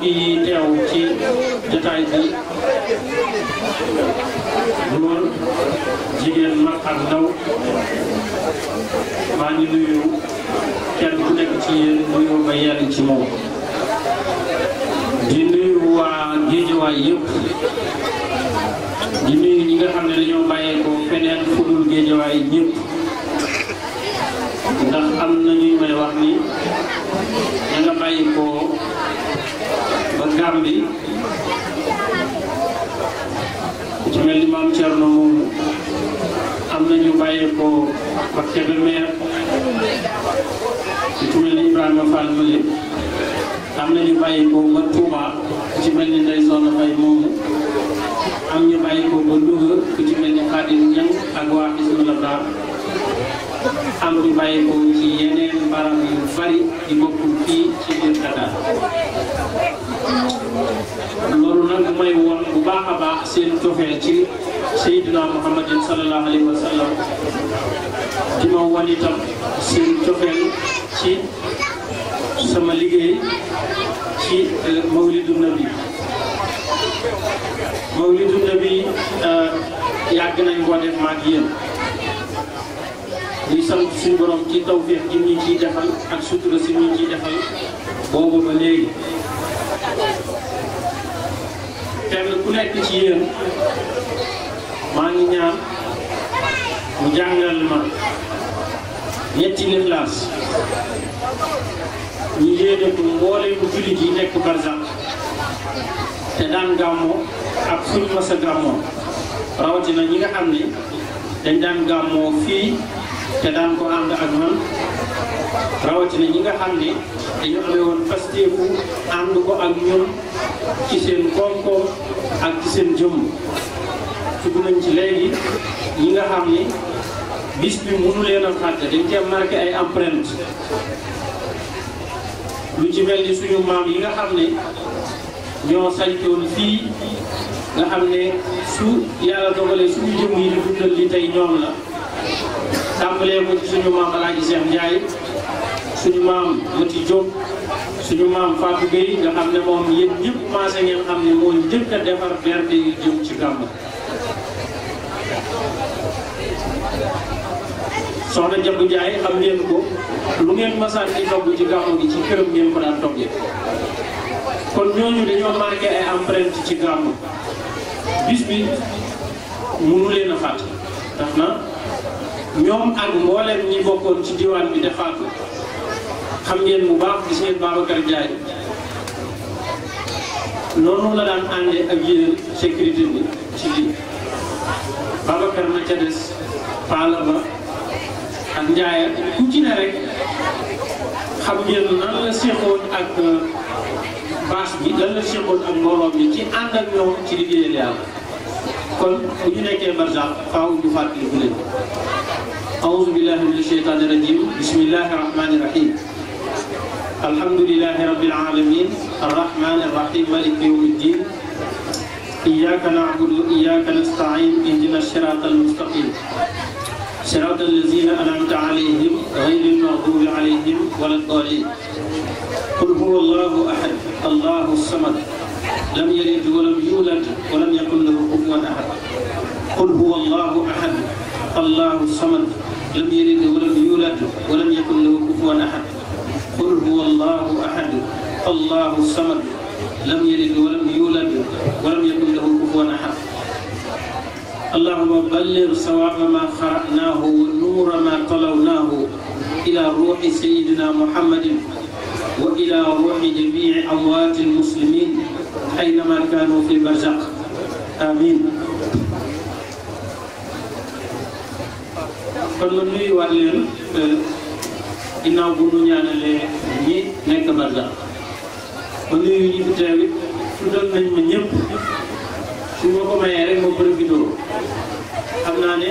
yi teew ci jigéen mag ak ndaw ngi nuyu kenn ku ci yéen nuyoo ba yenn ci moom di nuyu waa Géejawaay yëpp di nuyu ñi nga xam ne dañoo bàyyeekoo feneen fudul Géejawaay ñëpp ndax am na ñuy may wax ni ña nga bàyyi koo ba gàmbi ci mel ni maam Thierno moomu am na bàyyi koo ba Kébémer ci mel ni Ibrahima Fall Mbale am bàyyi ba Touba ci mel ni am ñu bàyyi ba ci mel ni ak waa am ñu bàyyi ko ci barab yu bari di bokkul fii ci biir Dakar loolu nag mooy woon bu baax a baax seen cofee ci Seydina Muhammadin sallallahu alayhi wa sallam di ma wan seen cofee ci sama liggéey ci euh, mawlidu nabi mawlidu nabi euh, yàgg nañ koo def maag yéen di sant suñu borom ci tawféex ji ñu ciy defal ak sutura si ñu ciy defal boobu ba léegi kenn ku nekk ci yéen maa ngi ñaan mu jàngal ma ñetti lixlaas ñu yéene ko mboolee bu jullit yi nekk barzak te daan gàmmoo ak fuñ masa gàmmoo rawatina ñi nga xam ni dañ daan gàmmoo fii te daan ko ànd ak man rawatina ñi nga xam ne dañu amee woon pasteefu ànd ko ak ñun ci seen koom-koom ak ci seen jëmm tudd nañ ci léegi ñi nga xam ne bis bi mënu leen a fàtte dañ cee marqué ay empreinte lu ci mel suñu maam yi nga xam ne ñoo sañtoon fii nga xam su yàlla dogalee suñu jëmm yi di dundal li tey ñoom la tambalé ko ci suñu mam alaji Cheikh Ndiaye suñu mam muti Diop suñu mam Fatou gey nga xamné mom yeen yéen ñëpp commencé ngeen xamné mo moo défar verté defar yi jëm ci gamba soona Jabu Ndiaye xam ngeen ko lu ngeen sa di dogu ci gamba gi ci kërëm ngeen ko daan toggee kon ñooñu dañoo marqué ay empreinte ci gamba bis bi munu leen a tax na ñoom ak mboolem ñi bokkoon ci diwaan bi defaatu xam ngeen mu baax gis ngeen Babacar Diagne noonu la daan àndee ak yéen sécurité bi ci lii Babacar na ca des Pala ba ak Ndiaye ku ci ne rek xam ngeen nan la seexoon ak euh, bâche bi lan la seexoon ak mbooloo yi ci ànd ak ñoom ci liggéeyal yàlla. kon bu ñu nekkee barsax faaw ñu fàttaliku leen أعوذ بالله من الشيطان الرجيم بسم الله الرحمن الرحيم الحمد لله رب العالمين الرحمن الرحيم مالك يوم الدين إياك نعبد وإياك نستعين اهدنا الصراط المستقيم صراط الذين أنعمت عليهم غير المغضوب عليهم ولا الضالين قل هو الله أحد الله الصمد لم يلد ولم يولد ولم يكن له كفوا احد قل هو الله احد الله الصمد لم يلد ولم يولد ولم يكن له كفوا احد قل هو الله احد الله الصمد لم يلد ولم يولد ولم يكن له كفوا احد اللهم بلغ صواب ما قرأناه ونور ما طلوناه إلى روح سيدنا محمد وإلى روح جميع أموات المسلمين أينما كانوا في برزخ آمين kon ma nuyuwaat leen euh, ginnaaw bu nu ñaanalee ñi nekk barsax ma nuyu ñi fi teew it tuddal nañ ma ñëpp su ma mayee rek ma profité xam naa ne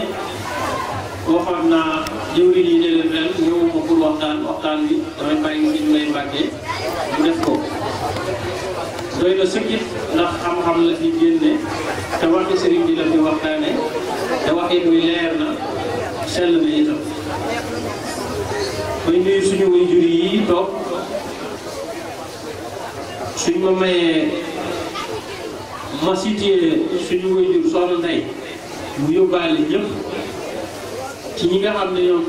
waxoon naa jëwriñ yi ne leen ren ñëwuma pour waxtaan waxtaan bi damay bàyyi si ñu lay mbàggee mu def ko doy na sëkkit ndax xam-xam la ci génne te waxi sëriñ bi la fi waxtaane te waxit wi leer na sell na itam may nuyu suñu way juri yi toog suñ ma mayee ma cité suñu way jur soxna mu yóbbaale ñëpp ci ñi nga xam ne ñoom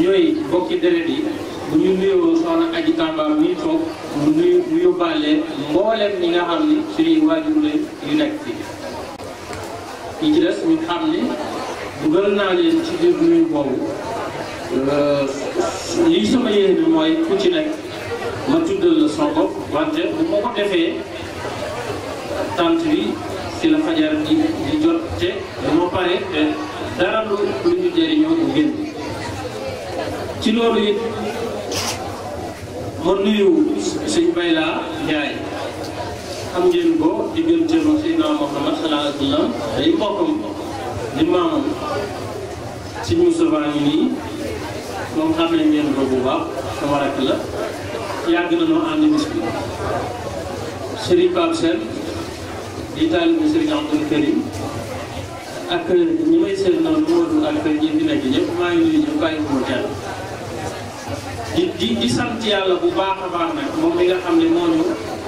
ñooy bokki deret yi bu ñu nuyoo soxna aji Tamba mi toog mu mu yóbbaale mboolem ñi nga xam ni suñuy waajur lañ yu nekk fii ñi ci des ñu xam ni dugal naa leen ci biir nuyu boobu euh, lii sama yéene bi mooy ku ci nekk ma tuddal la sama bopp wante bu ma ko defee tant bi ci la fajar di di jot ci loolu it ma nuyu sëñ Bayla Ndiaye xam ngeen ko diggante ma Seydina Mouhamad sallallahu alayhi wa sallam day mbokkam di maamam sëñ Moustapha ngi nii moom xam ne ngeen ko bu baax sama rakk na noo ànd bis bi Serigne Pape Sène di taalibe Serigne Abdoul Karim ak ñi may seet noonu Modou ak ñi fi nekk ñëpp maa ngi nuyu ñëpp bàyyi ko di di di sant yàlla bu baax a baax nag moom mi nga xam ne ñu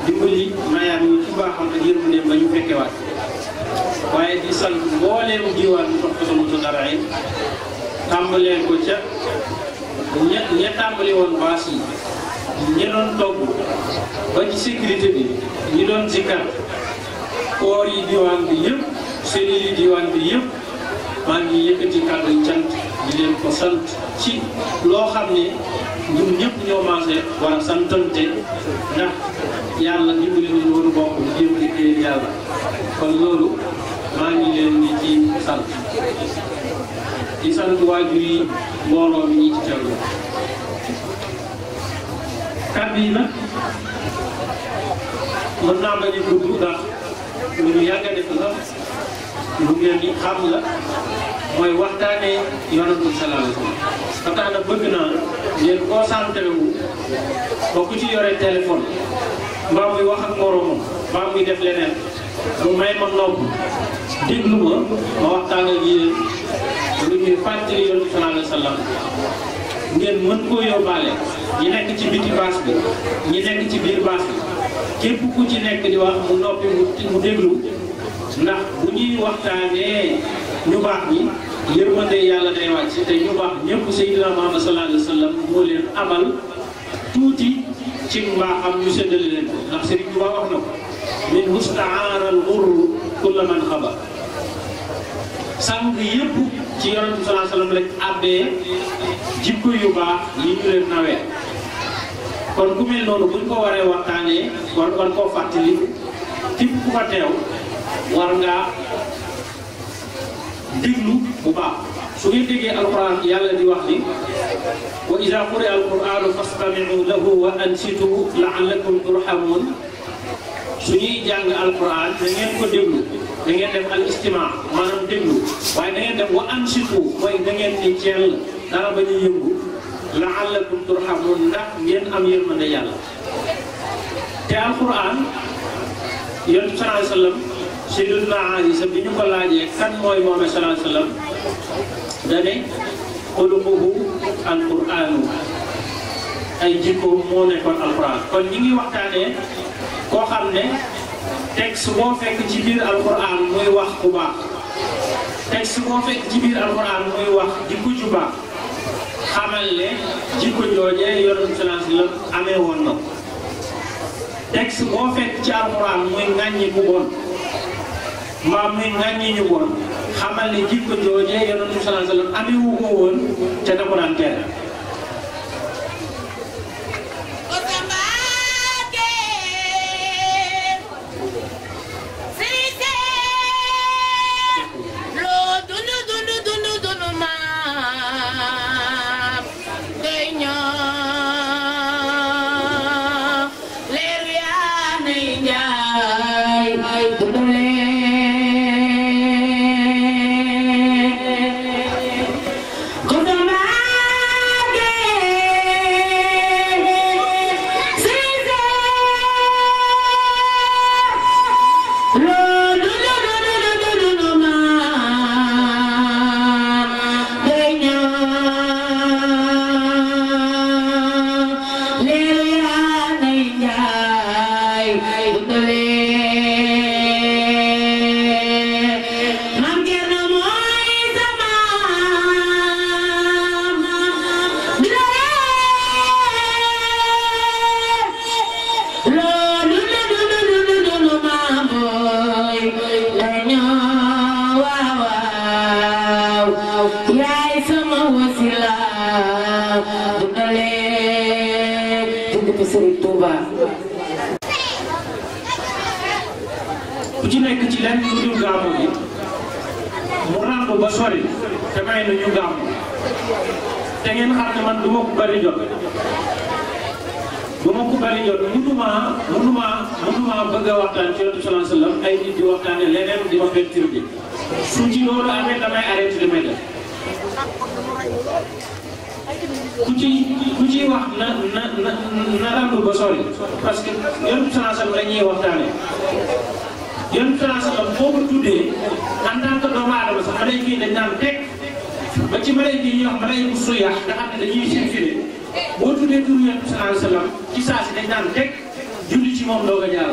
dimbali mayaat ñu ci baaxam ak yërmandeem ba ñu fekkewaat waaye di sant mbooleem diwaan mu topp sama tu dara yi tàmbaleen ko ca ña ña tàmbali woon baas yi ñi doon togg ba ci sécurité bi ñi doon zikkar koor yi diwaan bi yëpp seli yi diwaan bi yëpp maa ngi yëkkati kàddu cant di leen ko sant ci loo xam ne ñun ñëpp ñoo maase war a santante ndax yàlla dimbali ñu woon bokk di jéem liggéeyal yàlla kon loolu maa ngi leen di ci sant di sant waajur yi mbooloo mi ñi ci teewlu kàddu yi nag mën naa bañ a gudd ndax lu ñu yàgg def la lu ngeen xam la mooy waxtaanee yonantu sallallahu na bëgg naa ngeen concentré wu ba ku ci yore téléphone mbaa muy wax ak moroomam mbaa muy def leneen mu may ma nopp déglu ma ma waxtaan ak lu ñuy fàttali yonantu sallallahu alayhi wasallam ngeen mën koo yóbbaale ñi nekk ci biti baas bi ñi nekk ci biir baas bi képp ku ci nekk di wax mu noppi mu déglu ndax bu ñuy waxtaanee ñu baax ñi yërmande yàlla day wàcc te ñu baax ñëpp Seydina Muhammad sallallahu alayhi wa sallam mu leen amal tuuti ci mbaaxam ñu séddale leen ko ndax Serigne Touba wax na ko min mustaara al ghurru kulla man xaba sàmm bi ci yonent bi sallallahu alayhi wa sallam lañ àbbee jikko yu baax yi ñu leen nawee kon ku mel noonu buñ ko waree waxtaanee war war koo fàttali képp ku fa teew war nga déglu bu baax su ngeen déggee alquran yàlla di wax ni wa ida quri alquranu fastamiu lahu wa ansitu laallakum turhamun su ñuy jàng alquran da ngeen ko déglu da ngeen def al istima maanaam déglu waaye da ngeen def wa ansitu mooy da ngeen di teel dara ba ñu yëngu laallakum turhamun ndax ngeen am yërmande yàlla te alquran yontu sallallahu alayhi wa sallam Sayyidatuna Aïsa bi ñu ko laajee kan mooy moom sallallahu alayhi wa sallam dane xuluquhu alquraanu ay jikkoom moo nekkoon alquran kon ñi ngi waxtaanee koo xam ne texte boo fekk ci biir alquran muy wax bu baax texte boo fekk ci biir alquran muy wax jikko ju baax xamal ne jikko joojee yonent sallallahu alayhi amee woon na texte boo fekk ci alquran muy ŋàññi bu maam mi ŋàññi ñu woon xamal ne jikko jooje yonent bi sallallahu alayhi wa sallam amiwu ko woon te da ko daan teel dëgg te Serigne ci nekk ci lenn lu dul gàmmu bi mu ràmb ba sori te may na te ngeen xam ne man du ma ko bari jot du ma ko jot mënuma mënuma mënuma bëgg a waxtaan ci Yonent bi sallallahu ay nit di waxtaane leneen di ma perturbé su ci loolu amee damay arrêté damay def. ku ci ku na na na na lamb ba sori parce que yonent sallallahu alayhi la ñuy waxtaane yonent sallallahu alayhi wasallam boo ko tuddee en tant que na aadama sax malayka yi dañ naan teg ba ci malayka yi ñuy wax malayka suyax nga xam ne dañuy circulé boo tuddee tur yonent sallallahu alayhi wasallam ci saa si dañ naan teg julli ci moom doog a jaar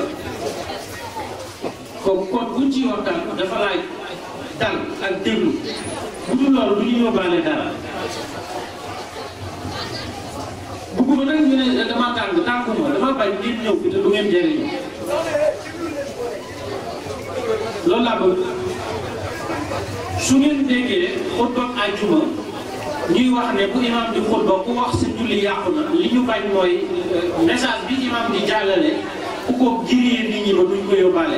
kooku kon buñ ciy waxtaan dafa laaj dal ak déglu bu dul loolu du ñu yóbbaale dara bugguma nag ñu ne dama tàng tànguma dama bañ ngeen ñëw fi te du ngeen jëriñu loolu laa bëgg su ngeen déggee xutba àjjuma ñuy wax ne bu imam di xutba ku wax sa julli yàqu na li ñu bañ mooy euh, message bi imam di jàllale ku ko giriyee nit ñi ba duñ ko yóbbaale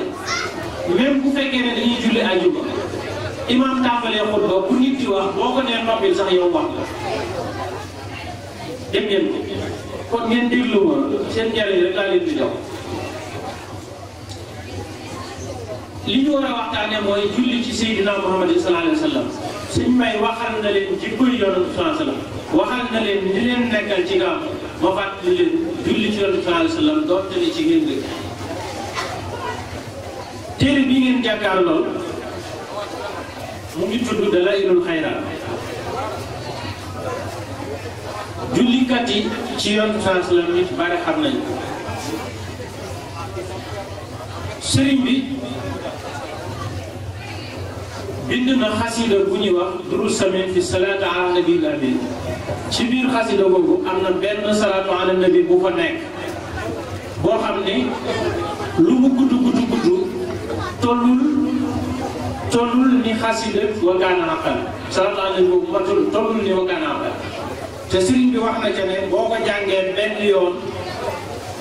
même bu fekkee ne dañuy julli àjjuma imam tàmbalee xutba bu nit di wax boo ko nee noppil sax yow wax la dégg ngeen ko ngeen déglu ma seen njëriñ rek laa leen di jox li ñu war a waxtaanee mooy julli ci Seydina Muhammad sallallahu alayhi wa sallam suñ may waxal na leen jikko yi Yonent bi sallallahu alayhi wa leen ni leen nekkal ci gaaw ma fàttali leen julli ci Yonent bi sallallahu alayhi wa ci ngeen dëkk téere bi ngeen jàkkaar lool mu ngi tudd Dalaa'ilul Xayraat jullikat yi ci yoon sallallahu alayhi nit bari xam nañu sëriñ bi bind na xasida bu ñuy wax duru samin fi salatu ala nabi lamin ci biir xasida boobu am na benn ala nabi bu fa nekk boo xam ne lu mu gudd gudd gudd tollul tollul ni xasida wa kaana xaqan salatu ala nabi boobu matul tollul ni wa kaana te sëriñ bi wax na ca ne boo ko jàngee benn yoon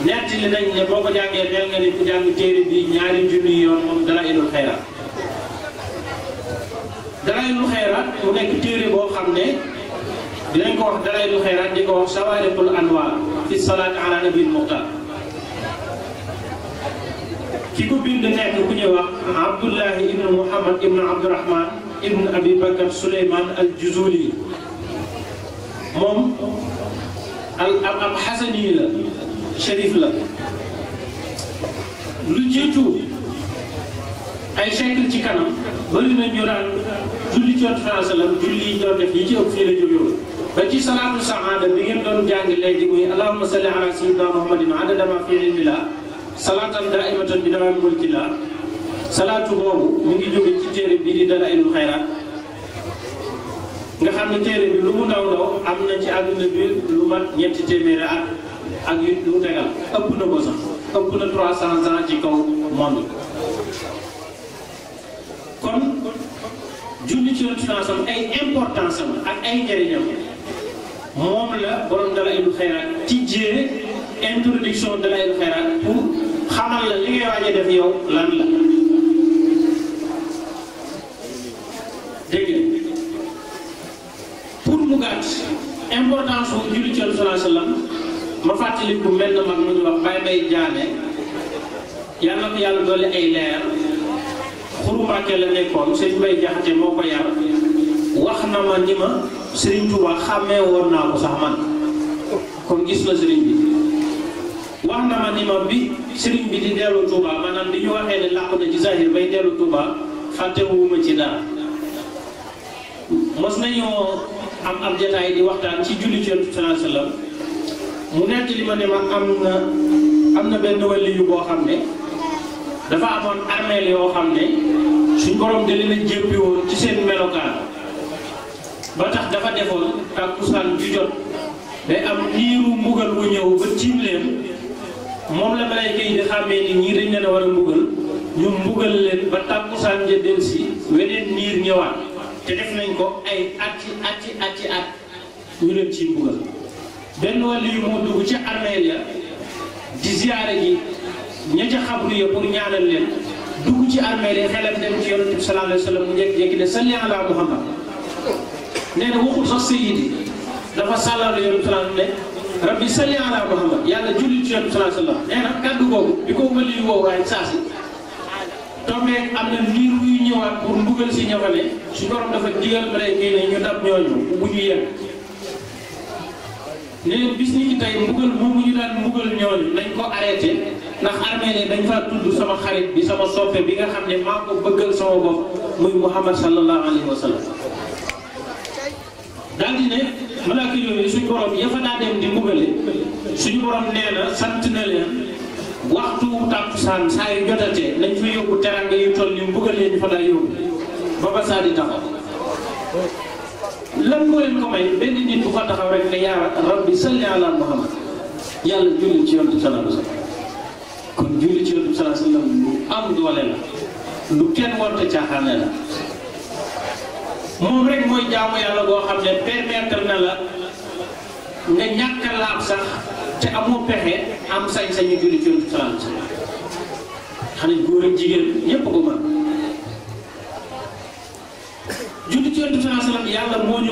ñett li nañ ne boo ko jàngee mel ni ku jàng téere bi ñaari junni yoon moom dara ilul xayra dara ilul xayra mu nekk téere boo xam ne dinañ ko wax dara ilul xayra di ko wax sawaariqul anwaar fi salaat ala nabil muxtaar ki ko bind nekk ku ñuy abdullahi ibnu muhammad ibnu abdurahman ibnu abi bakar suleyman مم أب أب حسن لا شريف لا لجيتو أي شكل تكنا بل من يرى جلي جوت فرنسا لم جلي جوت فيجي أو فيلي بجي صلاة السعادة بيجي دون جانج اللي جوي اللهم صل على سيدنا محمد عدد ما في علم الله صلاة دائمة بدون ملك الله صلاة بوم من جوجي تجري بيجي دلائل الخيرات nga xam ne téere bi lu mu ndaw ndaw am na ci àdduna bi lu mat ñetti téeméeri ak yu lu tegal ëpp na ko sax ëpp na 300 ans ci kaw monde kon julli ci yontinasam ay importance am ak ay njëriñam moom la borom Dalaa'ilul Xayraat tijjee introduction Dalaa'ilul Xayraat pour xamal la li ngay waaj def yow lan la mu gàtt importance bu julli ci sallallahu alayhi wa sallam ma fàttaliku mel na mag mu ñu bay bay jaane yàlla ko yàlla doole ay leer xurumaake la nekkoon sëñ bay jaxate moo ko yar wax na ma ni ma sëriñ Tuubaa xàmmee woon naa ko sax man kon gis na sëriñ bi wax na ma ni ma bi sëriñ bi di dellu Tuubaa maanaam di ñu waxee ne làqu na ci zahir bay dellu Tuubaa fàttewuma ci daal mos nañoo am am jataay di waxtaan ci julli ci Yonent bi mu nekk li ma ne ma am na am na benn waliyu boo xam ne dafa amoon armeel yoo xam ne suñ borom da leen a woon ci seen melokaan ba tax dafa defoon tàkkusaan ju jot day am niiru mbugal wu ñëw ba tiim leen moom la malayka yi di xàmmee ni ñii dañ leen a war a mbugal ñu mbugal leen ba tàkkusaan ja delsi weneen niir ñëwaat te def nañ ko ay at ci at ci at ci at ñu benn wàll yu moo dugg ci armeel ya di ziyaare ji ña ca xabru ya pour ñaanal leen dugg ci armeel ya xelam dem ci yonent bi sallallahu alayhi wa sallam mu jékki-jékki ne salli ala muhammad ne rabbi salli ala muhammad yàlla julli ci yonent bi sallallahu alayhi kàddu googu bi ko wëli woo waaye saa si tombe am na niir buy ñëwaat pour mbugal si ña su borom dafa digal malaaka yi ne ñu dab ñooñu bu ñu yem ne bis ni ci tey mbugal ñu mbugal ko arrêté ndax armée dañ sama xarit bi sama soppe bi nga xam ne bëggal sama muy muhammad sallallahu Alaihi Wasallam. sallam di ne malaaka yooyu suñu borom ya fa dem di mbugale suñu borom nee sant na leen waxtu tàkkusaan saa yu jotatee nañ fa yóbbu teranga yu toll ni mbugal leen fa laa yóbbu ba ba saa di taxaw lan moo leen ko yàlla julli lu am doole moom rek mooy jaamu yàlla boo xam ne permettre na la nga ñàkk laab sax te amoo pexe am sañ-sañu julli ci yonent sallallahu alayhi wasallam xanaa ko mën julli ci yonent sallallahu alayhi wasallam yàlla goo xam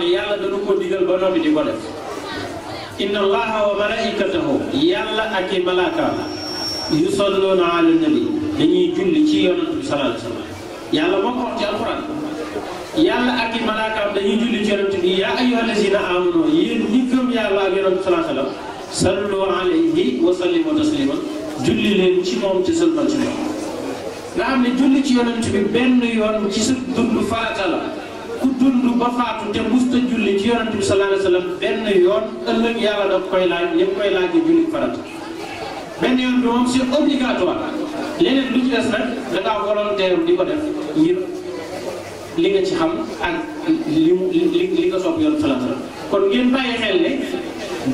ne yàlla dañu ko digal ak i malaaka yusalluuna ala nabi dañuy julli ci yonent bi yàlla moo ko ci alquran yàlla ak i malaakaam dañuy julli ci yonent bi yaa ayyuhallazina amanu yéen ñi gëm yàlla ak yonent salaa salaam sallu alayhi wa sallimu taslima julli leen ci moom ci sëlmal ci nga xam ne julli ci yonent bi benn yoon ci sa dund farata la ku dund ba faatu te musta julli ci yonent bi benn yoon ëllëg yàlla da koy laaj ñëpp koy laaj benn yoon bi moom c'est obligatoire leneen lu ci des nag da ngaa volontaire di ko def ngir li nga ci xam ak li mu li nga sopp yoon salaam salaam kon ngeen bàyyi xel ne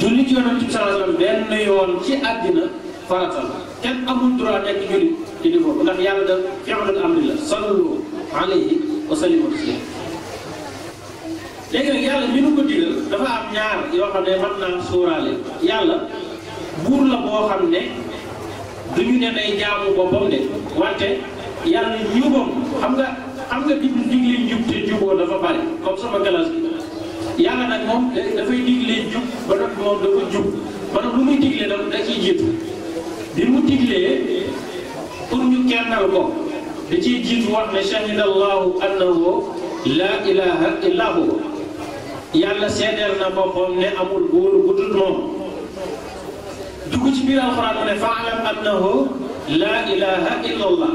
julli ci yonent bi sallallahu alayhi wasallam benn yoon ci àddina farata la kenn amul droit nekk julli ci di foofu ndax yàlla da fi'lul amri la sallu alayhi wa sallimu tasliman léegi nag yàlla mi ko digal dafa am ñaar yoo xam ne mën naa suuraale yàlla buur la boo xam ne duñu ne day jaamu boppam de wante yàlla njubam xam nga xam nga digg digle njub te juboo dafa bari comme sama galas yàlla nag moom dafay diglee jub ba noppi moom dafa jub ba noppi lu muy diglee da da ciy jiitu bi mu diglee pour ñu kennal ko da ciy jiitu wax ne shahida allahu annahu laa ilaha illa hu yàlla seedeel na boppam ne amul buur bu moom dugg ci biir alxuraan mu ne faalam annahu laa ilaha illa allah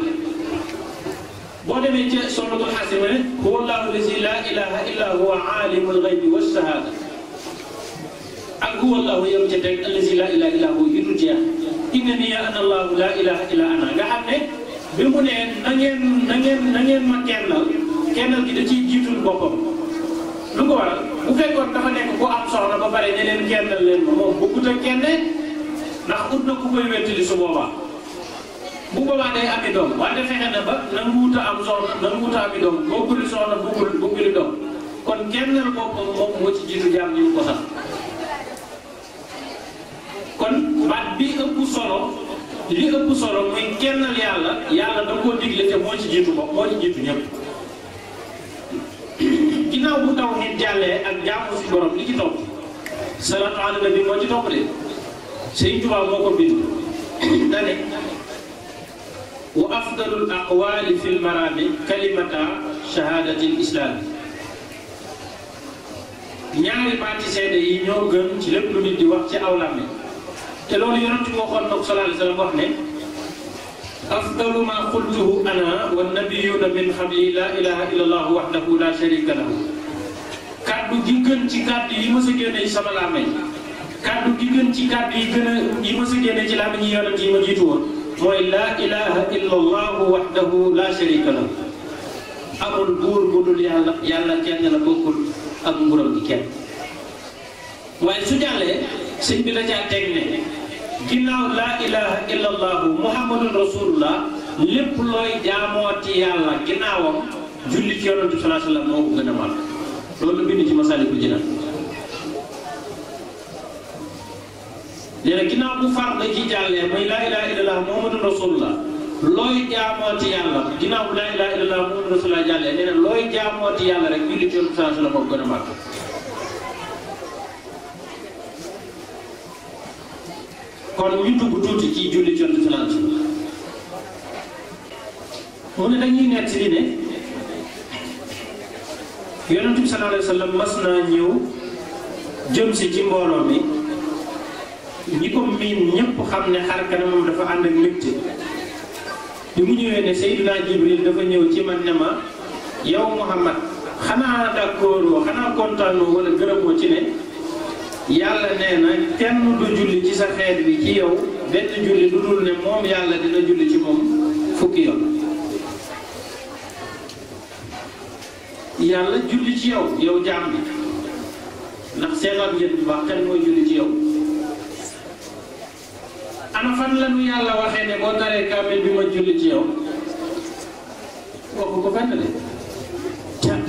بولي من سورة الحاسمة هو الله الذي لا إله إلا هو عالم الغيب والشهادة هو الله يرجدك الذي لا إله إلا هو يرجع إنني أنا الله لا إله إلا أنا قال بمو نين نين نين ما كنال كنال كده تي جيتون بكم لغوا وفي كور دفع نيكو كو أم سورة ببارين لين كنال لين مو بكتا كنال نخد نكو بيوتي لسو بابا bu boobaa day ami doom wante fexe na ba nanguwuta am soxna nanguwuta ami doom bokkul soxna buggul bugguli doom kon kennal boppam moo ci jiitu jaam ñu ko kon baat bi ëpp solo li ëpp solo muy yàlla yàlla da koo digle moo ci jiitu bopp moo ci jiitu ñëpp bu taw nit jàllee ak jaamu si borom li ci topp salaatu ala nabi moo ci topp de Sëriñ Tuubaa moo ko bind dane wa afdalul aqwaali fil maraami kalimata shahaadatil islaam ñaari baati seede yi ñoo gën ci lépp lu di wax ci aw làmmiñ te loolu yonent bi waxoon na ko wa sallam wax ne afdalu ma qultuhu ana wa nabiyuna min xabli laa ilaha illa allah wahdahu la sharika lahu kàddu gi gën ci kàddu yi mës a génne sama làmmiñ kàddu gi gën ci kàddu yi gën a yi mës a génne ci làmmiñ yi yonent yi ma jiitu woon mooy laa ilaha illa allahu la sharika lahu amul buur bu dul yàlla yàlla kenn la bokkul ak nguuram gi kenn waaye su jàllee sëñ bi ne ginnaaw laa ilaha illa allahu rasulullah lépp looy jaamooti yàlla ginnaawam julli ci yonent bi sallallahu alayhi wa sallam moo ko a mal loolu bind nee na ginnaaw bu farata ci jàllee mooy laa ilaha illallah muhammadun rasulullah looy jaamooti yàlla ginnaaw bu laa ilaha illallah muhammadun rasulullah jàllee nee looy jaamooti yàlla rek julli ci yonent saa sallam gën a ñu dugg tuuti ci julli mu ne dañuy nekk si ne yonent bi sallallahu mas naa ñëw jëm si ci mbooloo mi ñi ko miin ñëpp xam ne xar kanamam dafa ànd ak mbégte bi mu ñëwee ne Seydina Jibril dafa ñëw ci man ne ma yow Muhammad xanaa d'accord woo xanaa kontaanoo wala gërëmoo ci ne yàlla nee na kenn du julli ci sa xeet bi ci yow benn julli lu dul ne moom yàlla dina julli ci moom fukki yoon yàlla julli ci yow yow jaam bi ndax seen ab njëriñ bu baax mooy julli ci yow ana fan yàlla waxee ne boo taree kaamil bi ma julli ci yow waxu ko benn de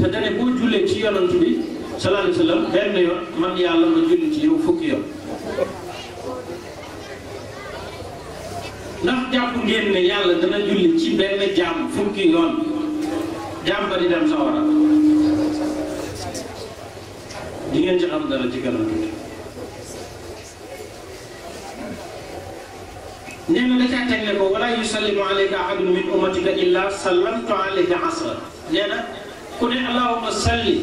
te dane boo jullee ci yonant bi sallallahu si wa benn yoon man yàlla ma julli ci yow fukki yoon ndax jàpp ngeen ne yàlla dana julli ci benn jaam fukki yoon jaam ba di dem sawara di ngeen ci xam dara ci kanam tuuti نين لك تنلك ولا يسلم عليك أحد من أمتك إلا سلمت عليك عصرا نينا كن اللهم صلي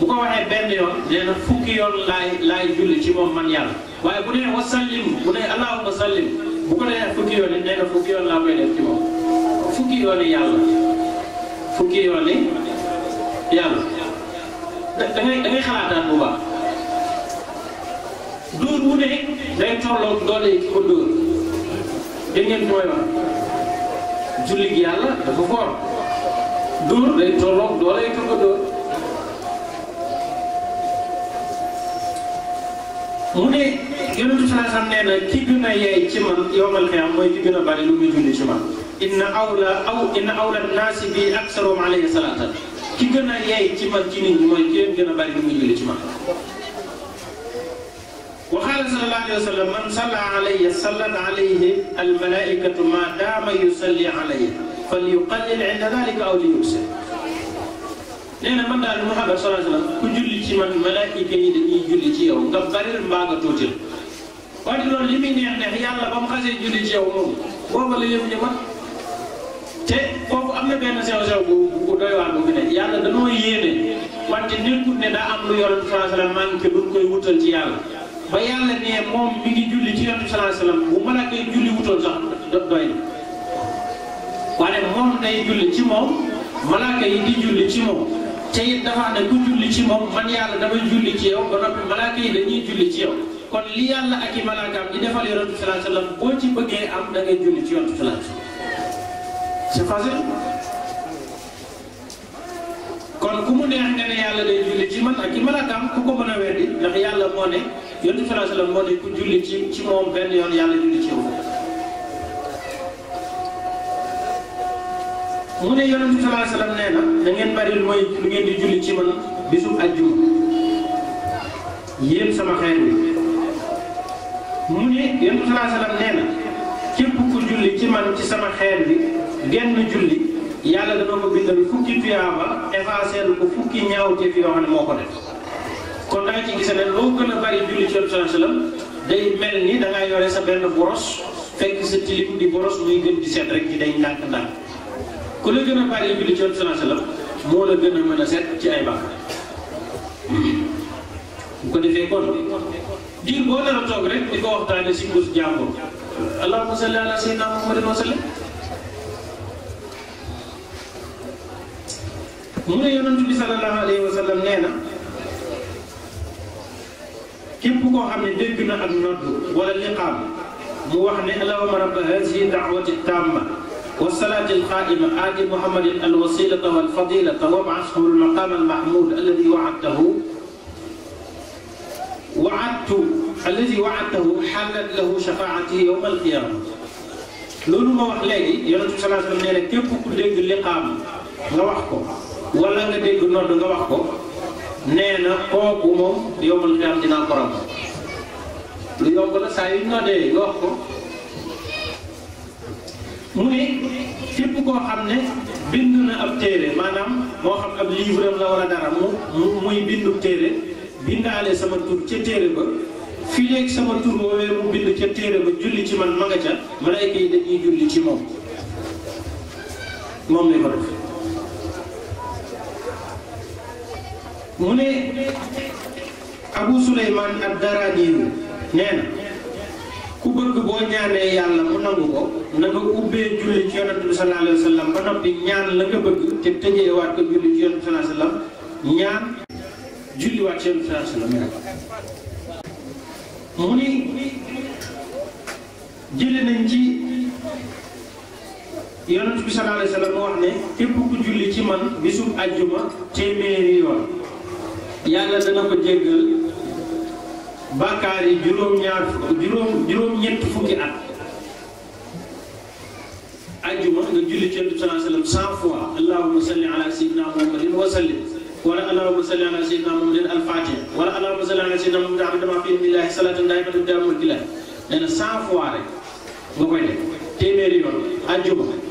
bu ko waxee benn yoon nee na fukki yoon laay laay julli ci moom man yàlla waaye bu nee wasallim bu nee allahuma sallim bu ko nee fukki yoon yi nee na fukki yoon laa koy def ci moom fukki yoon yi yàlla fukki yoon yi yàlla da ngay da ngay xalaataat bu baax dóor bu ne day tolloo doole yi ki ko dóor dégg ngeen mooy wax jullit yàlla dafa foor dóor day tolloog doo lay tur ko mu ne yonentu saa sam nee na ki gën a yey ci man yowmal xiyaam mooy ki gën a bari lu muy julli ci man inna awla aw inna awla naasi bi aksarum alayhi salaatan ki gën a yey ci man ci nit ñi mooy ki leen gën a bari lu muy julli ci man صلى الله عليه وسلم من صلى علي صلت عليه الملائكة ما دام يصلي عليه فليقلل عند ذلك أو ليكسر لأن من دار محمد صلى الله عليه وسلم كجل من ملائكة يدني جل جيه وقبر المباغة توجل وقالوا لي من يعني هي الله بم خزي جل جيه ومون وهو اللي يمجي ما تي فوق أمنا بينا سيو سيو بودوي وعنو بينا يالا دنو ييني وانت نيكو ندا أمنا يولد صلى الله عليه وسلم من كبير كي وطل جيه ba yàlla ne moom mi ngi julli ci yonent bi sallallahu alayhi wasallam bu malaaka yi julli wutoon sax doy na waaye moom day julli ci moom malaaka yi di julli ci moom te it dafa ne ci moom man yàlla damay julli ci yow dañuy julli ci yow kon li yàlla ak i di defal yonent bi sallallahu alayhi boo ci bëggee am dangay ngay julli ci yonent bi sallallahu alayhi kon ku mu neex nga ne yàlla day julli ci man ak i malaakaam ku ko mën a weddi ndax yàlla moo ne yonent bi moo ne ku julli ci moom benn yoon yàlla julli ci yow. mu ne yonent bi sallallahu na ngeen bari mooy lu ngeen di julli ci man bisum ajjuma yéen sama xeer bi mu ne yonent bi sallallahu alayhi ku julli ci man ci sama xeer bi genn julli yàlla dana ko bindal fukki tuyaaba effacé ko fukki ñaawteef yoo xam ne moo ko def. kon da ci gis ne gën a bari julli ci Yonent sallam day mel ni da yore sa benn boros fekk sa tilim di boros muy gën di set rek ci day ndànk-ndànk ku la gën a bari julli ci Yonent sallam moo la gën a mën a set ci ay bàkkaar bu ko defee kon diir boo nar a toog rek di ko waxtaane si bés jàmbur allahumma salli ala sayyidina Muhammadin wa sallam mu ne yonent bi sallallahu alayhi wa sallam كيف كو خامي دغنا اك نود ولا لقام مو وخني اللهم هذه الدعوه التامه والصلاه القائمه ادي محمد الوسيله والفضيله وابعثه المقام المحمود الذي وعدته وعدت الذي وعدته حلت له شفاعتي يوم القيامه لولو ما واخ لي يونس صلى الله عليه وسلم كيف كو دغ لقام نا ولا نا دغ نود نا واخكو nee na kooku moom yombal fi am dinaa ko ram lu yomb la saa yu noddee nga wax ko mu ne képp koo xam ne bind na ab téere maanaam moo xam ab livre am la war a dara mu muy bindu téere bindaale sama tur ca téere ba fii léegi sama tur woowee mu bind ca téere ba julli ci man ma nga ca malaayka yi dañuy julli ci moom moom ne ko def mu ne Abu Suleymaan ad-Daraaniyu nee na ku bëgg boo ñaanee yàlla mu nangu ko na nga ubbee julli ci yonent bi sallallahu wa sallam ba noppi ñaan la nga bëgg te tëjeewaat ko julli ci yonent bi sallallahu wa sallam ñaan wax ne képp ku julli ci man bisum ajjuma téeméeri yoon yàlla dana ko jéggal bàkkaar yi juróom-ñaar juróom juróom-ñett fukki at ajjuma nga julli ci yonent sallallahu alayhi wa sallam cent fois allahumma salli ala sayyidina muhammadin wa sallim wala allahumma salli ala sayyidina muhammadin al-fatiha wala allahumma salli ala sayyidina muhammadin dama fi billahi salatan daimatan daa mulki la nee na cent fois rek nga koy def téeméeri yoon ajjuma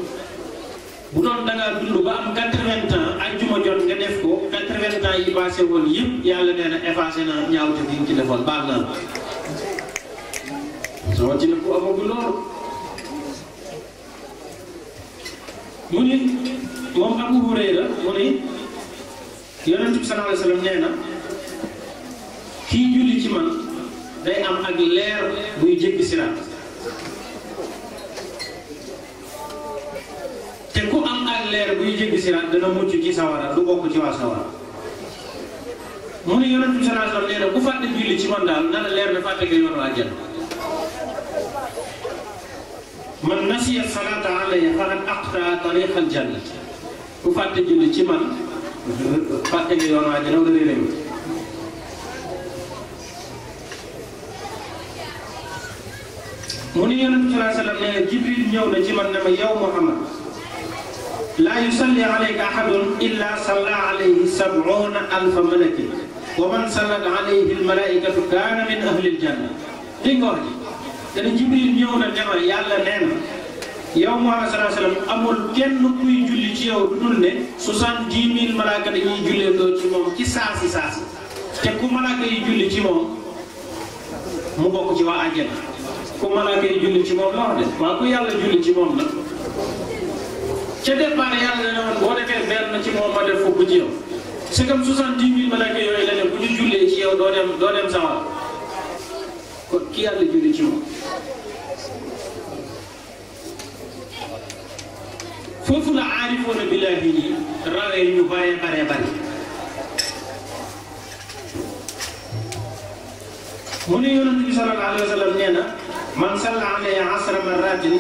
bu doon da ngaa ba am quatre-vingts ans ajjuma jot nga def ko quatre-vingts ans yi passé woon yëpp yàlla nee na effacé naa ñaawte bi ci defoon baal naa la. soo ne ku amagul loolu. mu ni moom Abu mu ni yonent bi sallallahu alayhi wasallam nee na kii ci man day am ak leer buy jéggi siraat E ah, te ku am ak leer buy jéggi siraat dana mucc ci sawara du bokk ci wa sawara mu ne yonent bi salaa sallam nee na ku fàtte julli ci man dal na la leer ne fàtte nga yoonu àjjana man nasiya salaata alayya faqad aqta tariq al janna ku fàtte julli ci man fàtte nga yoonu àjjana wala réeréew mu ne yonent bi salaa sallam jibril ñëw na ci man ne ma yow Muhammad laa yusalli alayka ahadun illa salla alayhi sab'una alfa malakin wa man sallat alayhi almalaikatu kaana min ahli aljanna dégg nga wax ji dana jibril ñëw na ne ma yàlla nee na yow Muhammad sallallahu alayhi wasallam amul kenn kuy julli ci yow du dul ne soixante-dix mille malaaka dañuy julleendoo ci moom ci saasi saasi te ku malaaka yi julli ci moom mu bokk ci waa àjjana ku malaaka yi julli ci moom la wax de waa ku yàlla julli ci moom la ca départ yàlla dana woon boo defee benn ci moom ma def ko bu ci yow c' est comme 70000 malaaka yooyu la bu ñu jullee ci yow doo dem doo dem sawar kon ci moom. foofu la aarifoona billaahi yi rawee ñu bàyyi bare bare mu ne yonent bi sallallahu alayhi wa sallam nee na man salla alayya asra marratin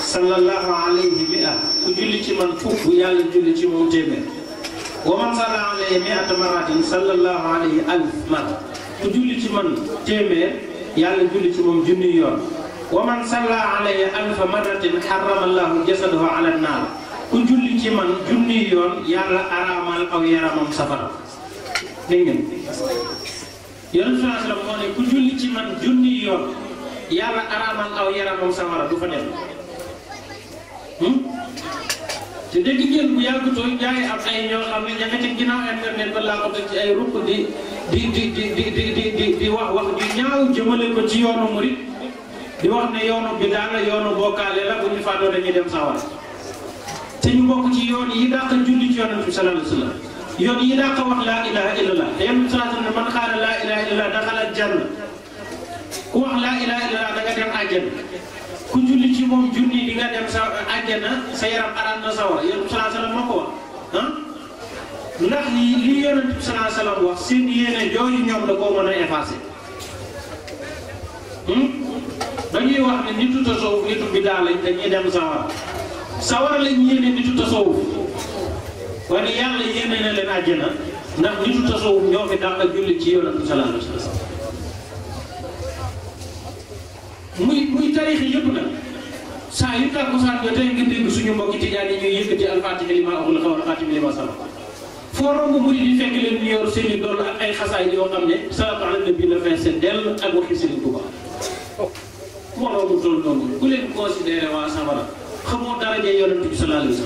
sallallahu alayhi mi ku julli ci man fukk yàlla julli ci moom téeméer wa man salla alayhi mi at maratin alayhi alf mara ku julli ci man téeméer yàlla julli ci moom junni yoon wa man salla alayhi alfa maratin harrama allahu jasadahu ala naar ku julli ci man junni yoon yàlla araamal aw yaramam safara dégg ngeen yonent moo ne ku julli ci man junni yoon yàlla araamal aw yaramam safara du fa dem te dégg ngeen bu yàggatoo jaay am ay ñoo xam ne ña nga ca ginnaaw internet ba laa ko ci ay ruq di di di di di di wax wax ju ñaaw jëmale ko ci yoonu murit di wax ne yoonu bi la yoonu bokkaale la bu ñu faatoo dañuy dem sawar te ñu ci yoon yi dàq julli ci yonent bi sallallahu alayhi wa sallam yoon yi dàq wax laa ilaha illallah te yonent bi sallallahu wax laa ilaha illallah da nga dem àjjana ku julli ci moom junni di nga dem sa àjjana sa yaram araan na sawar yonent bi salaa salaam moo ko wax ah? ndax li yonent bi salaa salaam wax seen yéene jooju ñoom da koo mën a effacé hmm? dañuy wax ne nitu tasawuf nitu bidaa lañ dañuy dem sawar sawar lañ yéene nitu tasawuf wala yàlla yéene na leen àjjana ndax nitu tasawuf ñoo fi dàq julli ci yonent bi salaa muy muy tarix yi yëpp nag saa yu takkusaan ba tey nga dégg suñu mbokki tijaan yi ñuy yëkkati alfaatiha li maa ughliqa yoo xam ne salaatu ala la fees seen dell ak waxi Sëriñ Tuuba moo romb tool noonu ku leen considéré waa sabara xamoo dara jee yonent bi sallallahu alayhi wa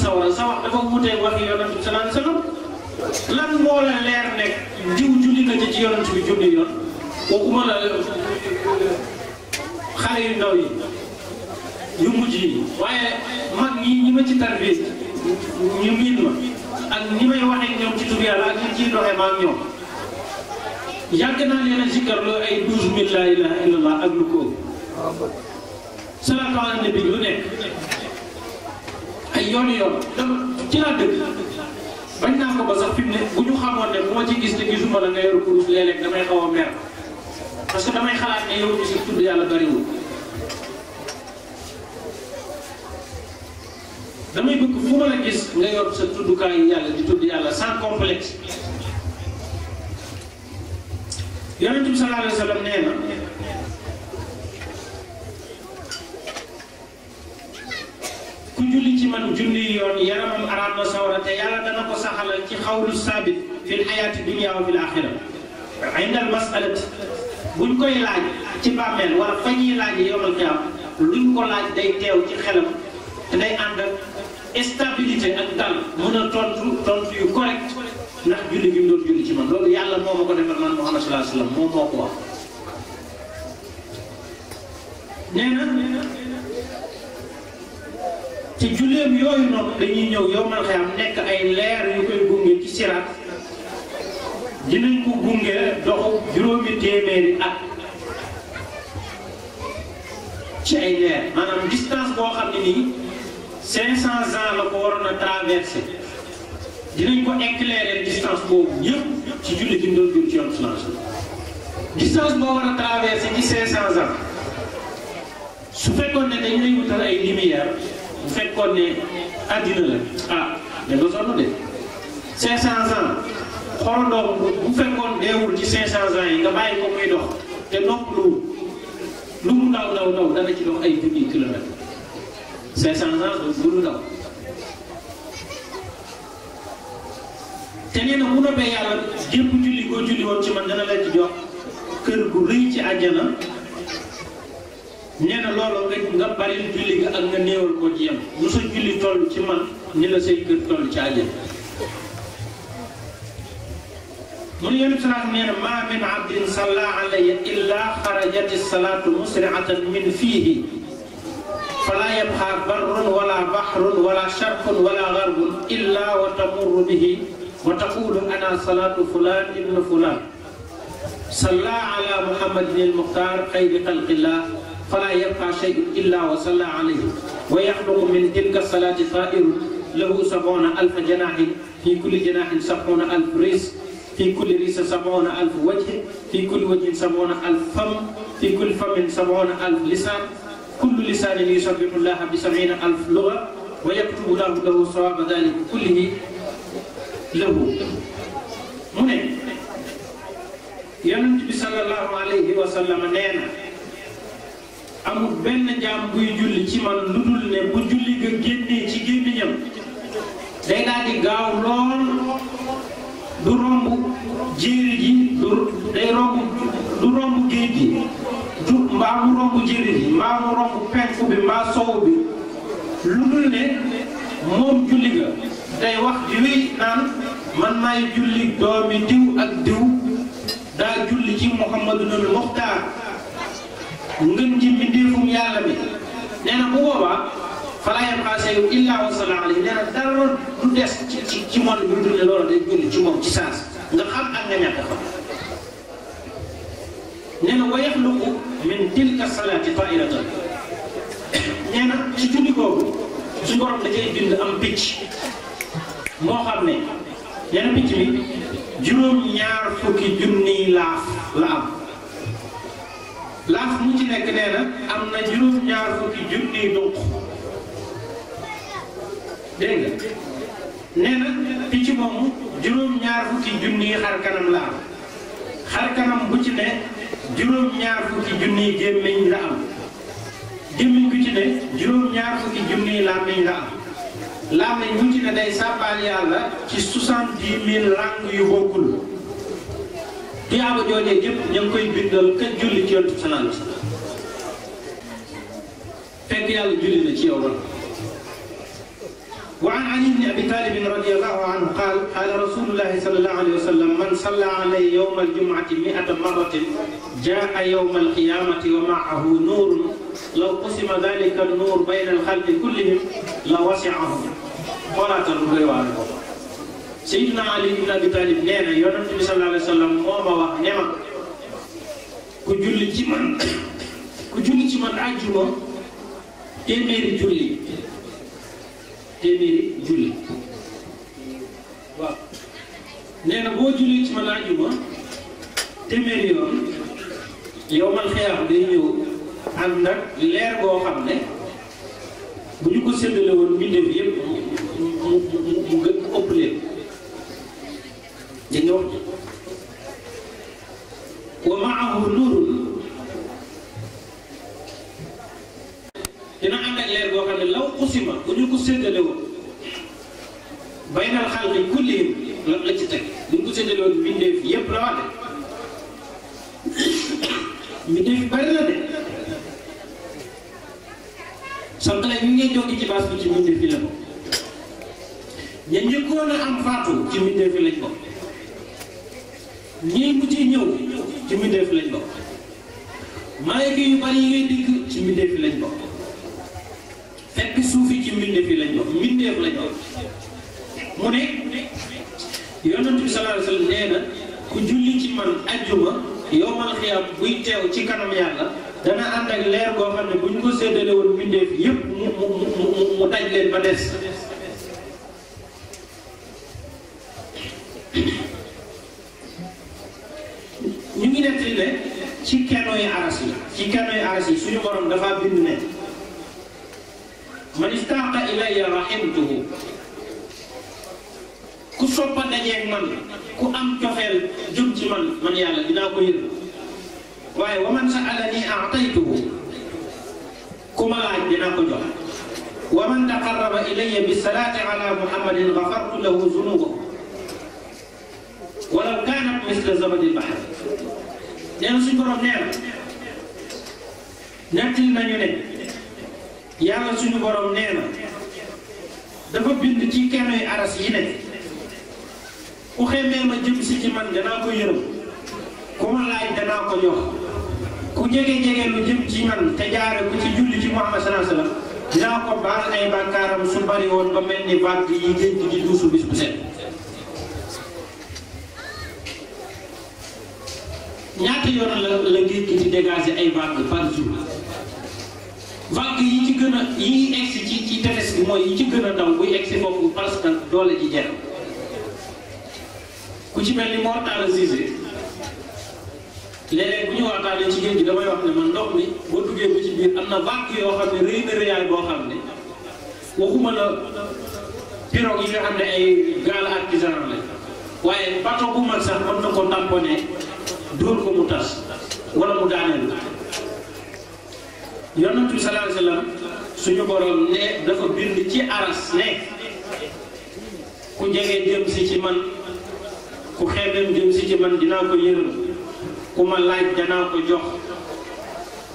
sallam kon ku sa wax lan moo la leer nekk jiw julli na ci yonent bi junni yoon waxuma la euh, xale yu ndaw yi ñu mujj yi waaye mag ñi ñi ma ci tarbiya ñu miin ma ak ñi may waxee ñoom ci tur ak ñi ciy doxee ma ñoom yàgg naa leen a sikkarloo ay douze mille laa ak lu ko salaatu ala nabi lu nekk ay yoon yoon ci laa dëgg bañ naa ko ba sax fi ne bu ñu xamoon ne bu ci gis te gisuma la nga yor kurus léeg-léeg damay xaw a mer parce que damay xalaat ne yow aussi tudd yàlla bariwul damay bëgg fu ma la gis nga yor sa tuddukaayu yàlla di tudd yàlla sans complexe yonent bi sallallahu alayhi wa nee na julli ci man junni yoon yaramam araam na sawara te yàlla dana ko saxalal ci xawlu saabit fi lxayaati dunia wa fi l axira inda al masalati buñ koy laaj ci bàmmeel wala fa ñuy laaj yowmal qiyaam luñ ko laaj day teew ci xelam te day ànd ak stabilité ak dal mën a tontu tontu yu correct ndax julli bi mu doon julli ci man loolu yàlla moo ma ko defal man Muhammad sallallahu alayhi wa sallam moom moo ko wax nee na te julleem yooyu noonu dañuy ñëw yowmal xiyaam nekk ay leer yu koy gunge ci siraat dinañ ko gunge doxu juróomi téeméeri at ci ay leer maanaam distance boo xam ne nii 500 ans la ko waroon a traversé dinañ ko éclairer distance boobu yëpp ci julli bi doon jur distance boo war a traversé ci 500 ans su fekkoon ne dañ lay wutal ay lumière. bu fekkoon ne addina la ah da nga sonn de 500 ans xorandoom bu fekkoon deewul ci 500 ans yi nga bàyyi ko muy dox te nopp lu lu mu ndaw ndaw ndaw dana ci dox ay junni kilomètre 500 ans du lu ndaw te nee na mu noppee yàlla jépp julli koo julli woon ci man dana la jox kër gu rëy ci àjjana نينا لولا ريك نغا بارين جولي اك نغا نيول كو جيم موسى جولي تول سي مان ني لا سي كير تول سي اجي من يوم سنه نينا ما من عبد صلى عليه الا خرجت الصلاه مسرعه من فيه فلا يبقى بر ولا بحر ولا شرق ولا غرب الا وتمر به وتقول انا صلاه فلان ابن فلان صلى على محمد المختار خير خلق الله فلا يبقى شيء إلا وصلى عليه ويخلق من تلك الصلاة طائر له سبعون ألف جناح في كل جناح سبعون ألف ريس في كل ريس سبعون ألف وجه في كل وجه سبعون ألف فم في كل فم سبعون ألف لسان كل لسان يسبح الله بسبعين ألف لغة ويكتب له له صواب ذلك كله له من ينتبه صلى الله عليه وسلم نينا نعم. amul benn jaam buy julli ci man lu dul ne bu julli nga génnee ci gémmiñam day daal di gaaw lool du romb jéeri ji du day romb du romb géej du mbaa romb jéeri ji mbaa romb penku bi mbaa sow bi lu dul ne moom julli nga day wax di wéy naan man maay julli doomi diw ak diw daa julli ci Muhammadunul Muxtaar ngën ji mbindeefum yàlla bi nee na bu boobaa fala yabqa shay'un illa wa salla alayhi nee du des ci ci ci moom bi dul ne ci moom ci saas nga xam ak nga ñàkk xam nee na wa min tilka salaati taa'iratan nee na ci julli googu su borom da cay bind am picc moo xam ne nee picc bi juróom-ñaar fukki junniy laaf la laax mu ci nekk nee na am na juróom-ñaar fukki junniy dunq dégg nga nee na moomu juróom-ñaar fukki junniy xar la am xar bu ci ne juróom-ñaar fukki junniy gémmiñ la am gémmiñ bu ci ne juróom-ñaar fukki junniy làmmiñ la am làmmiñ bu ci ne day sàbbaal yàlla ci soixante-dix mille langues yu bokkul. tiyaaba joojee jëpp ña ngi koy bindal ka julli ci yontu sanaan sa fekk yàlla julli na ci yow وعن علي بن ابي طالب رضي الله عنه قال قال رسول الله صلى الله عليه وسلم من صلى علي يوم الجمعه 100 مره جاء يوم القيامه ومعه نور لو قسم ذلك النور بين الخلق كلهم لوسعهم ولا تنظر على Seydina Ali ibn Abi Talib nee na yonent bi sallallahu alayhi wa sallam moo wax ne ku julli ci man ku julli ci man àjjuma téeméeri boo yoon yow man xeyaam ñëw ànd ak leer boo xam ne bu ñu ko séddale woon mbindeef yëpp mu mu mu mu gën ëpp leen جنون ومعه نور dina ànd ak leer boo xam ne law xusima bu ñu ko séddale woon baynal xalqi kullihim la la ci teg bu ñu ko séddale woon mbindeef yépp la wax de mbindeef yi bari na de sant la ñu ngi jokki ci baas bi ci mbindeef yi la ko ña njëkkoon a am faatu ci mbindeef yi lañ ko ñii mujjee ñëw ci mbindeef lañ bokk malayka yu bari yi ngay dégg ci mbindeef lañ bokk fekk suuf yi ci mbindeef yi lañ bokk mbindeef lañ bokk mu ne yonent bi sallallahu alayhi ku julli ci man ajjuma yowmal xiyaam buy teew ci kanam yàlla dana ànd ak leer goo xam ne bu ñu ko séddale woon mbindeef yépp mu mu mu mu daj leen ba des سوني بروم دفا بن من استحق الي رحمته كو صوبا داجي من كو ام توخيل جوم سي من من يالا دينا كو يير واي ومن سالني اعطيته كما لاج دينا كو جوخ ومن تقرب الي بالصلاه على محمد غفرت له ذنوبه ولو كانت مثل زبد البحر لأن سيكون نعم. هناك nett yi nañu ne yàlla suñu borom nee na dafa bind ci kenuy aras yi ne ku xemee ma jëm si ci man danaa ko yërëm ku ma laaj danaa ko jox ku jege-jege lu jëm ci man te jaare ku ci julli ci Muhammad sallallahu alayhi wasallam dinaa ko baal ay bàkkaaram su bari woon ba mel ni vague yi géej gi duusu bis bu set ñaata yoon la la géej gi di dégager ay vague par jour vague yi ci gën a yi egsi ci ci tefes mooy yi ci gën a daw buy egsi foofu parce doole ji jeex ku ci mel ni Mor Talla Cissé léeg-léeg bu ñu waxtaanee ci géej gi damay wax ne man ndox mi boo duggee ba ci biir am na vague yoo xam ne rëy na rëyaay boo xam ne waxuma la pirogue yi nga xam ne ay gaal artisanal la waaye bateau bu mag sax na ko tamponné dóor ko mu tas wala mu daaneel. yonent bi sallallahu suñu borom ne dafa bind ci aras ne ku jege jëm si ci man ku xeebeem jëm ci man dinaa ko yërëm ku ma laaj danaa ko jox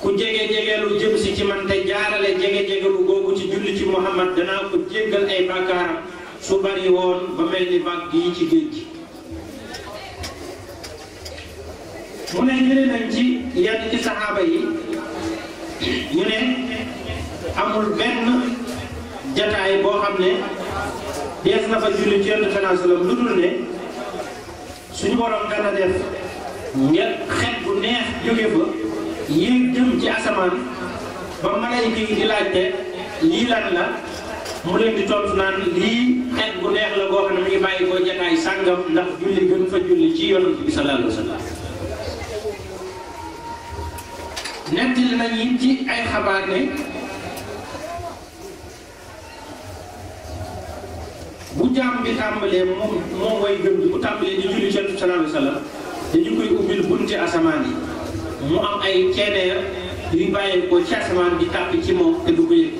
ku jege jegeelu jëm ci man te jaarale jege jegeelu googu ci julli ci Muhammad danaa ko jéggal ay bàkkaaram su bari woon ba mel ni bàgg yi ci géej gi mu ne jëlee nañ ci yenn ci saxaaba yi ñu ne amul benn jataay boo xam ne dees na fa julli ci yonent sallallahu alayhi lu dul ne suñu borom dana def nga xet bu neex jóge fa yéeg jëm ci asamaan ba malayka yi di laajte yii lan la mu leen di tontu naan lii xet bu neex la boo xam ne mu ngi bàyyi koo jataay sàngam ndax julli gën fa julli ci yonent bi sallallahu alayhi nettali nañ ci ay xabaar ne bu jaam bi tàmbalee moom moom way gëm bi bu tàmbalee di julli ci sallallahu alayhi wa sallam dañu koy ubbil bunti asamaan yi mu am ay ceneer yuy bàyyeekoo ci asamaan bi tàpp ci moom te du ko yëg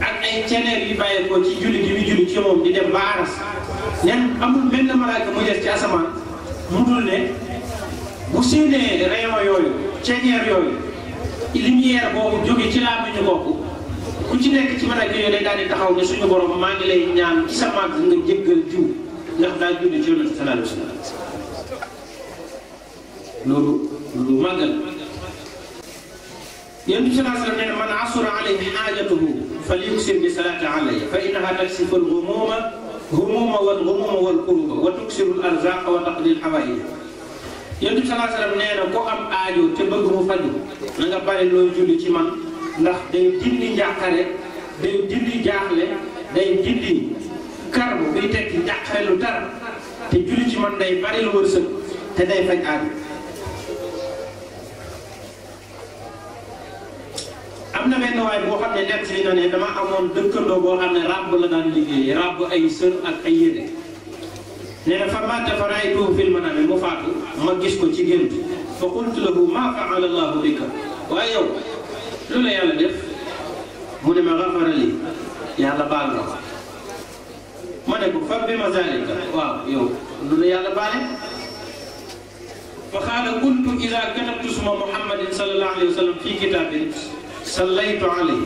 ak ay ceneer yuy ci julli di muy julli ci moom di dem ba aras neen amul benn malaaka mu des ci asamaan mu dul ne bu séenee rayon yooyu ceneer yooyu lumière bobu jóge ci la bañu kooku ku ci nek ci mën a yooyu lay daal di taxaw ni suñu borom ma ngi lay ñaan ci sa màgg nga jéggal ju ndax da julli ci yonente salallahu alayhi wasallam lolu lu magal yonente ci alayhi wasallam nee man asura alayhi hajatuhu falyuksir bi salati alayhi fa innaha taksifu al ghumuma ghumuma wal ghumuma wal walkuruba wa tuksiru al alarzaq wa taqdi alxawaija yonent bi salaa salaam nee na ko am aajo te bëgg mu faju na nga bari looy julli ci man ndax day dindi njàqare day dindi jaaxle day dindi kar buy tekki njàqare lu tar te julli ci man day bari lu wërsëg te day faj aajo am na benn waay boo xam ne nekk si na dama amoon dëkkandoo boo xam ne ràbb la daan liggéey ràbb ay sër ak ay yére نينا فمات فرأيته في المنام مفعل ما جيش كو تيجين فقلت له ما فعل الله بك وايو لولا يالا ديف من ما غفر لي يالا بالنا ما نكو فب بما ذلك واو يو لولا يالا بالي فقال قلت إذا كتبت اسم محمد صلى الله عليه وسلم في كتاب صليت عليه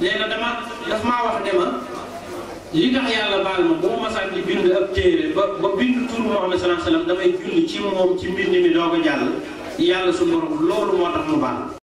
لأن دما دفما واحد دما yi tax yàlla baal ma bu ma masaan di bind ab téere ba ba bind tur Muhammad sallallahu alayhi wasallam damay julli ci moom ci mbind mi doo ko jàll yàlla su loolu moo tax mu baal